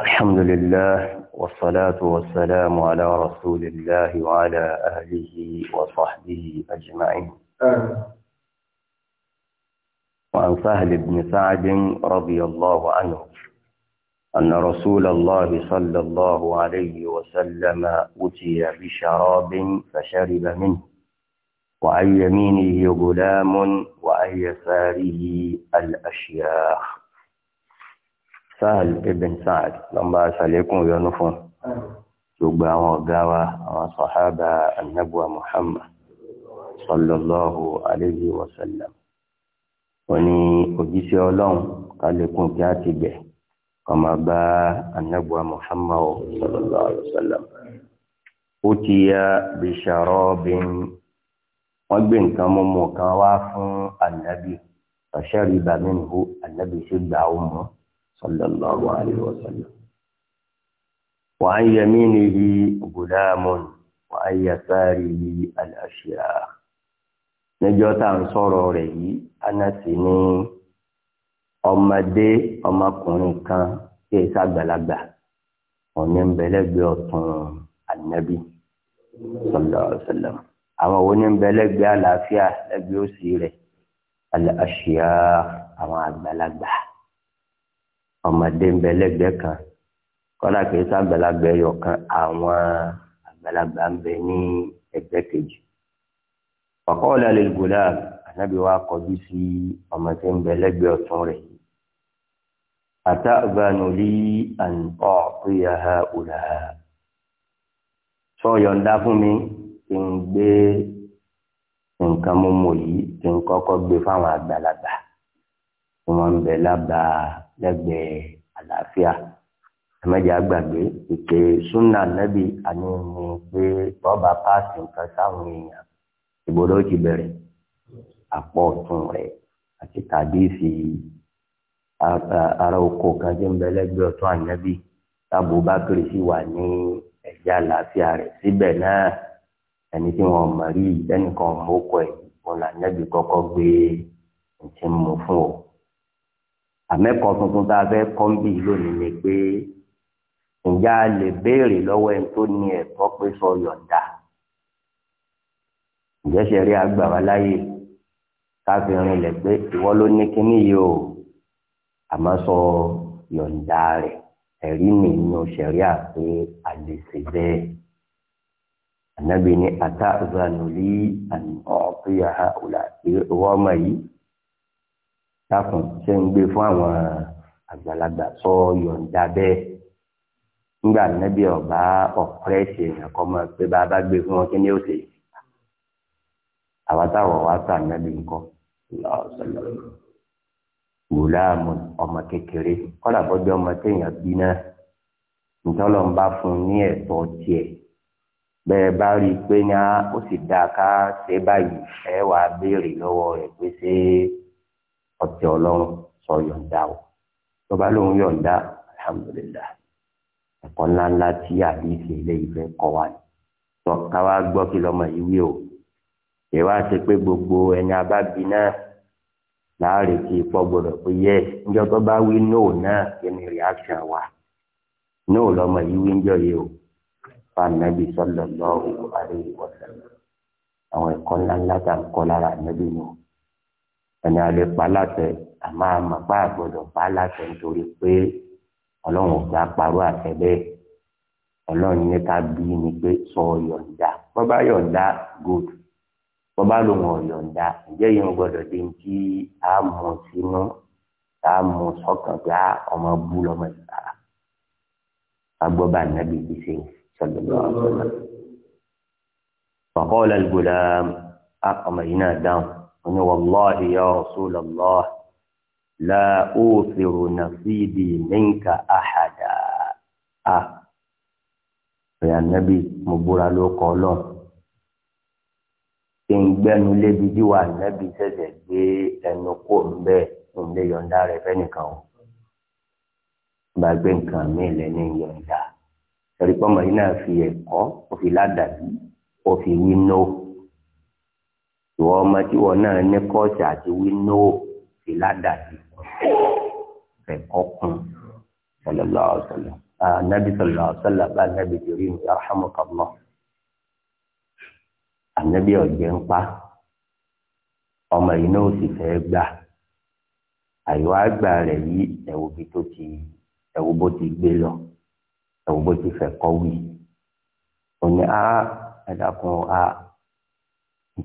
الحمد لله والصلاة والسلام على رسول الله وعلى أهله وصحبه أجمعين وعن سهل بن سعد رضي الله عنه أن رسول الله صلى الله عليه وسلم أتي بشراب فشرب منه وعن يمينه غلام وعن يساره الأشياخ Sahal ibn Sa'ad lọ́mbà ṣàlékún yọnu fún gbogbo àwọn ọ̀gá wa àwọn sọ̀hábà annabuwa Muhammad sallallahu alayhi wa sallam wọ́n ní òjíṣẹ́ ọlọ́run kálékún kí á ti bẹ̀ ọmọ bá annabuwa Muhammad sallallahu alayhi wa sallam ó ti ya bí ṣàrọ́bìn wọ́n gbé nǹkan mọ́mọ́ kan wá fún annabi ọ̀ṣẹ́rìbà minhu annabi sì gbà ó mọ́. صلى الله عليه وسلم وعن يمينه غلام وعن يساره الأشياخ níjọ́ tá à ń sọ̀rọ̀ rẹ̀ yìí anasi ní ọmọdé ọmọkùnrin kan tí èsì àgbàlagbà òní ń bẹlẹgbẹ ọ̀tún ànábì sallallahu alaihi wasallam àwọn òní ń àlàáfíà lẹ́gbẹ̀ òsì rẹ̀ al àwọn àgbàlagbà ọmọdé ń bẹ lẹ́gbẹ̀ẹ́ kan kọ́lá kìí sàgbàlagbà ẹyọ kan àwọn àgbàlagbà ń bẹ ní ẹgbẹ́ kejì ọ̀kọ́ ọ̀làlẹ̀ ìgbòlá ànábì wa kọjú sí ọmọ tí ń bẹ lẹ́gbẹ̀ẹ́ ọ̀tún rẹ̀ yìí àtà ìbánulí àǹtọ̀ tó yà òlà sọ fún mi kí n gbé nǹkan mímu yìí kí n kọ́kọ́ gbé fáwọn àgbàlagbà tí wọ́n ń bẹ lábàá lẹ́gbẹ̀ẹ́ àlàáfíà ẹ̀mẹ́jẹ̀ àgbàgbé ìpè súnà nẹ́bí àní ni pé bọ́ọ̀bà páàsì nǹkan sáwọn èèyàn ìgbòdo ti bẹ̀rẹ̀ àpọ̀ ọ̀tún rẹ̀ àti tàbí fi ara oko kan tí ń bẹ lẹ́gbẹ̀ẹ́ ọ̀tún ànábì tábù bákìrì sì wà ní ẹ̀jẹ̀ àlàáfíà rẹ̀ síbẹ̀ náà ẹni tí wọn mọ̀ rí ẹnìkan mọ̀ ó kọ ẹ̀ òun làǹdẹ́bì kọ́kọ́ gbé ẹ̀ ti fún ọ àmẹ́kọ̀ọ́ tuntun tá a fẹ́ kọ́ lónìí ni pé ǹjẹ́ a lè béèrè lọ́wọ́ ẹni tó ní ẹ̀tọ́ pé sọ yọ̀ǹda ǹjẹ́ sẹ́rí àgbà wa láyè káfí rinlẹ̀ pé ìwọ ló ní kíní yìí o àmọ́ sọ yọ̀ǹda rẹ̀ ẹ̀rí nìyẹn sẹ́rí àpé a lè ṣe bẹ́ẹ̀ ànábì ni ata zanuli àti ọ̀pẹ̀yà ìwọ́n ọmọ yìí dákun ṣe ń gbé fún àwọn àgbàlagbà sọ yọ̀ǹda bẹ́ẹ̀ nígbà nẹ́bí ọba ọ̀pẹ́rẹ́sì èèyàn kọ́ mọ́ pé bá a bá gbé fún wọn kí ni ó ṣe àwa táwọn wá sọ ànábì ńkọ́ gbòláàmù ọmọ kékeré kọ́lá bọ́jú ọmọ téèyàn bí náà ntọ́lọ́ ń bá fún un ní ẹ̀tọ́ tiẹ̀ bẹ́ẹ̀ bá rí i pé ní ó sì dáa ká ṣe báyìí ẹ wàá béèrè lọ́wọ́ rẹ̀ pé ṣé ọtí ọlọ́run sọ yọ̀ǹda o tó bá lóun yọ̀ǹda alhamdulilah ẹ̀kọ́ ńláńlá tí àdìsí eléyìí fẹ́ kọ́ wa ni tọ́ káwá gbọ́ kí lọ́mọ yìí wí o èyí wá ṣe pé gbogbo ẹni abábi náà láàrin tí ipò gbọ́dọ̀ pé yẹ níjọ́ tó bá wí nóò náà kí ni reaction wa nóò lọ́mọ yìí wí níjọ́ yìí o fa nàbì sallallahu alaihi wasallam àwọn ẹ̀kọ́ ńláńlá tá à ń kọ́ lára nàbì náà ẹni alẹ́ pa láṣẹ àmọ́ àmàpá àgbọ̀dọ̀ pa láṣẹ nítorí pé ọlọ́run ò gbà parọ́ àṣẹ bẹ́ẹ̀ ọlọ́run ní ká bí ni pé sọ yọ̀ǹda bọ́ bá yọ̀ǹda good bọ́ bá lòun ò yọ̀ǹda ǹjẹ́ yìí ń gbọ́dọ̀ dé ní kí á mú sínú á mú sọ́kàn pé á ah, ọmọ bú lọ́mọ ìgbà agbọ́ bá nàbí ti ṣe sọ̀dọ̀dọ̀ ọ̀sọ̀dọ̀. faqala al-gulam ah, ọmọ yìí náà dáhùn ni wàláhi ya rasulallah la usiru nasibi minka ahada a rẹ̀ ànábì mo búra ló kọ́ lọ́n kí n gbẹ́nu lébi bí wà ànábì ṣẹ̀ṣẹ̀ gbé ẹnu kò ń bẹ́ẹ̀ ń lè yọ̀ǹda rẹ̀ fẹ́nìkan o bá gbé nǹkan míì lẹ́ni yọ̀ǹda ẹ̀rí pọ́nmọ́ yìí fi ẹ̀kọ́ ó fi ládàbí ó fi wí nóò ìwọ ọmọ tí wọn náà ní kọ́ọ̀sì àti wíńdò sí ládàtì fẹ̀kọ́ kun sallallahu alaihi wasallam anabi ah, sallallahu alaihi wasallam bá anabi torí mi yarhamukallah anabi ọ̀jẹ̀ ń pa ọmọ yìí náà sì fẹ́ gbà àyọ̀ àgbà rẹ̀ yí ẹ̀wò bí tó ti ẹ̀wò bó ti gbé lọ ẹ̀wò bó ti fẹ̀kọ́ wí òní a ẹ̀dá a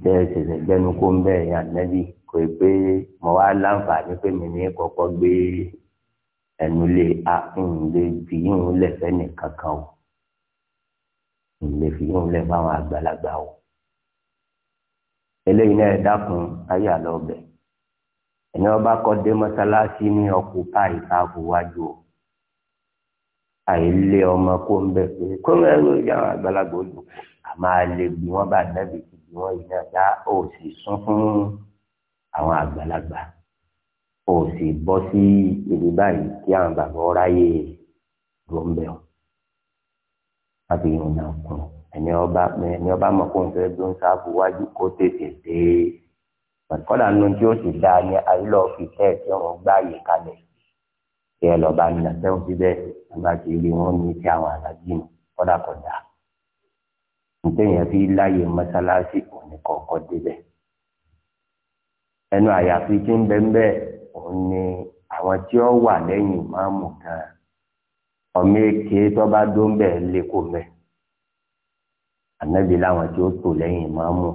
bẹ́ẹ̀ ṣẹ̀ṣẹ̀ gbẹnu kó ń bẹ́ẹ̀ yàn nẹ́bí kò ì pé mo wá láǹfààní pé mi ní kọ́kọ́ gbé ẹnu lé a ń lè fi yíhun lẹ̀ fẹ́ni kankan o ń lè fi yíhun lẹ̀ fáwọn àgbàlagbà o eléyìí náà dákun ayé àlọ́ ọbẹ̀ ẹni ọba kọ́ dé mọ́sálásí ní ọkùnfà ìtaàkù wájú o àìlé ọmọ kó ń bẹ̀ pé kó ń bẹ̀ lórí àwọn àgbàlagbà olùkọ́ àmọ́ àlè bí wọ́n bá nẹ́bí ìwọ ìdájá ò sì sún fún àwọn àgbàlagbà ò sì bọ́ sí ibi báyìí kí àwọn bàbá ọ̀ráyè gbọ̀ǹbẹ̀ ọ̀ láti yàn náà kún ẹni ọba ẹni ọba mọ̀ kó n fẹ́ dún sáàbù wájú kó tètè dé kọ́dà nínú tí ó sì dáa ní ayélujára fi tẹ́ ẹ̀ tí wọ́n gbá kalẹ̀ kí ẹ lọ́ba nínú àtẹ̀wọ̀n síbẹ̀ nígbà tí ilé wọn ní ti àwọn àlàjì kọ́dà kọ̀dà ntẹ̀yìn fi láàyè mọ́sálásí òní kọ̀ọ̀kan débẹ̀ ẹnu àyàfi tí ń bẹ ń bẹ òun ni àwọn tí ó wà lẹ́yìn ìmáàmù kan ọmọ èké tó bá dó ń bẹ̀ lẹ́kọ̀ọ́ mẹ́ ànábì láwọn tí ó tò lẹ́yìn ìmáàmù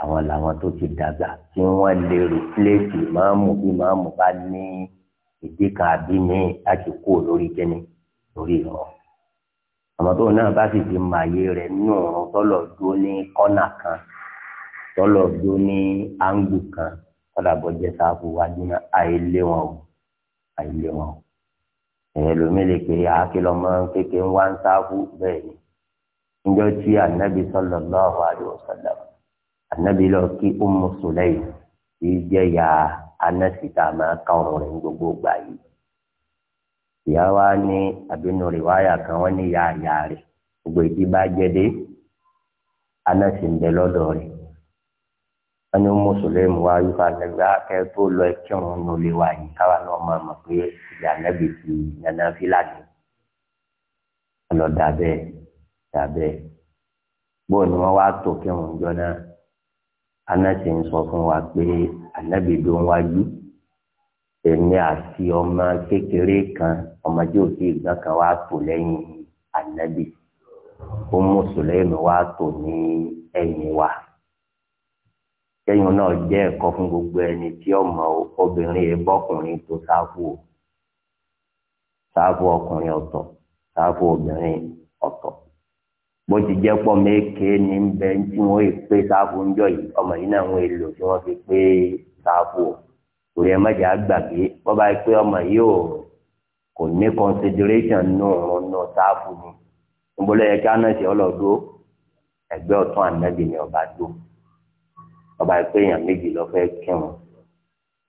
àwọn làwọn tó ti dàgbà tí wọ́n lè rìpléèsì ìmáàmù bí ìmáàmù bá ní ìdí kan àbí míì láti kó lórí kíni lórí ìrọ̀ àmọ́ tó náà bá sì ti màyé rẹ̀ nínú ọ̀run tọ́lọ̀ dúró ní kọ́nà kan tọ́lọ̀ dúró ní áńgù kan kọ́dà bọ́ jẹ́ sáfù wájú náà àìlé o àìlé wọn o èèyàn lómi lè pè é àákìlọ́ mọ́ kéke ń wá ń sáfù bẹ́ẹ̀ ni níjọ́ tí ànábì sallallahu alaihi wasallam ànábì lọ kí Ummu Sulaym yìí jẹ́ ya anásìtà máa ká ọ̀run rẹ̀ ní gbogbo gbà yìí ìyá wa ní àbínú rẹ̀ wáyà kan wọ́n ní yàyà rẹ̀ gbogbo ìdí bá jẹ́dé anásì ń bẹ lọ́dọ̀ rẹ̀ wọ́n ní mùsùlùmí wa yóò fà nàgbà kẹ́ tó lọ kírun nù lè wà yìí káwa náà máa mọ̀ pé ìyá nàbì ti yànnà fílàní lọ dàbẹ́ dàbẹ́ bóun ni wọ́n wá tó kírun jọ náà anásì ń sọ fún wa pé ànábì ló ń wájú. èmi àti ọmọ kékeré kan ọmọdé òsì ìgbà kan wá tò lẹ́yìn ànábì ó mú sùlẹ́mù wá tò ní ẹ̀yìn wa kẹ́yìn náà jẹ́ ẹ̀kọ́ fún gbogbo ẹni tí ọmọ obìnrin yẹn tó sáfù o sáfù ọkùnrin ọ̀tọ̀ sáfù obìnrin ọ̀tọ̀ bó ti jẹ́ ní wọ́n fi pé sáfù torí ẹ mẹjẹ àgbàgbé bọba pé ọmọ yìí kò ní consideration nù nù sáfù ni nbọlẹ yẹ kí anasi ọlọdọ ẹgbẹ ọtún anabi ni ọba dó ọba pé èèyàn méjì lọ fẹ́ kírun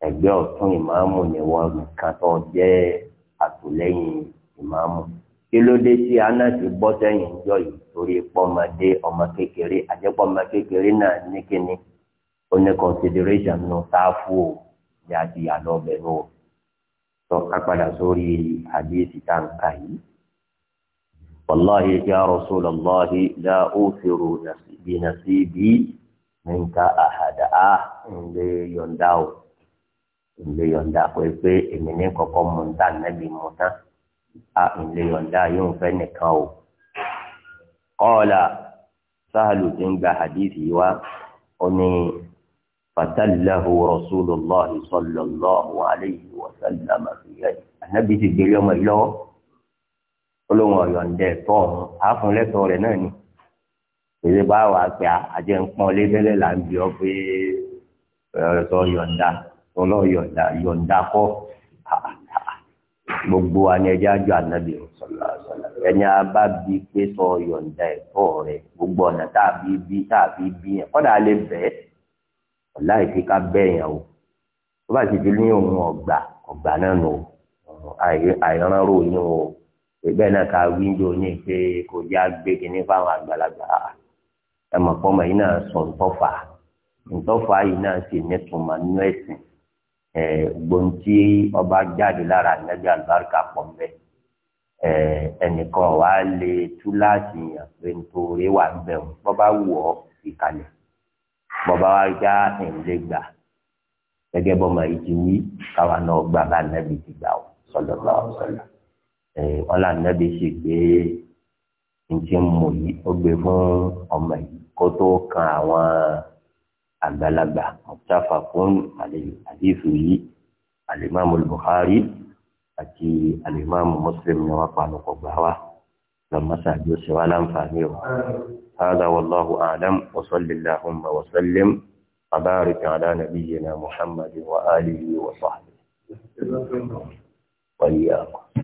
ẹgbẹ ọtún ìmáàmù ni wọn nìkan tó jẹ àtìlẹ́yìn ìmáàmù kí ló dé tí anasi bọ́ sẹ́yìn ńjọ yìí torí pọmọdé ọmọ kékeré àjẹpọ ọmọ kékeré náà ní kíni ó ní consideration nù sáfù o ìyá ti yà lọ bẹ̀rù o tó ká padà sórí àdéhìí tá n kà yìí. wàláhi ya rasulallahi la usiru bi nasibi minka ahada a ǹlẹ̀ yọ̀ǹda o ǹlẹ̀ yọ̀ǹda kò é pé èmi ní kọ́kọ́ mú un tá nẹ́bí mú tán a ǹlẹ̀ yọ̀ǹda yóò fẹ́ nìkan o. kọ́ọ̀là sáàlù ti ń gba àdéhìí wa ó ní fatalahu rasulillah sallallahu alayhi wa sallam fìyàyì anabi ti gbélé ọmọ yìí lọ́wọ́ olóhùn ọ̀yọ̀ǹdẹ̀ tọ́ ọ̀hún àfúnlẹ́tọ̀ rẹ̀ náà ni èdè bá wà pé àjẹ nǹkan lébẹ́lẹ́ là ń bí ọ pé ọ̀rọ̀ yọ̀ǹda ọlọ́ yọ̀ǹda yọ̀ǹda kọ́ gbogbo wa ni ẹjẹ́ ànábì sọ̀lá sọ̀lá ẹni a bá bí pé sọ yọ̀ǹda ẹ̀tọ́ rẹ̀ gbogbo ọ̀nà tá bí bí bí bí kọ́dà lè bẹ́ẹ̀ láì fi ká bẹ́ẹ̀ yẹn o tó bá ti di ní òun ọ̀gbà ọ̀gbà náà nù o àìrán rò yín o bẹ́ẹ̀ náà ká wíńdò yín pé kò já gbé kínní fáwọn àgbàlagbà ẹ mọ̀ pọ́nmọ́ yìí náà sọ ntọ́fà ntọ́fà yìí náà sì nítumọ̀ nínú ẹ̀sìn ẹ̀ gbòǹtì ọba jáde lára nẹ́bí àlùbáríkà pọ̀ mbẹ́ ẹ̀ ẹnìkan wàá lè túláàsì yàn pé nítorí wà ń bẹ̀ wọ́n bá wù ọ́ ìkàlẹ̀ bọba wa gbá ìrìlẹ gbà gẹ́gẹ́ bọmọ yìí ti wí káwa náà gbà bá nàbì ti gbà ó sọlọ bá ó sọlọ ẹ ọlà nàbì sì gbé njẹ mọ yìí ó gbé fún ọmọ yìí kó tó kan àwọn àgbàlagbà mọtàfà fún àdéhùn yìí alimami Bukhari àti alimami Muslim ni wọn pa lọkọ gbà wá. فمسا جوسي ولم فانيو هذا والله أعلم وصل اللهم وسلم وبارك على نبينا محمد وآله وصحبه وإياكم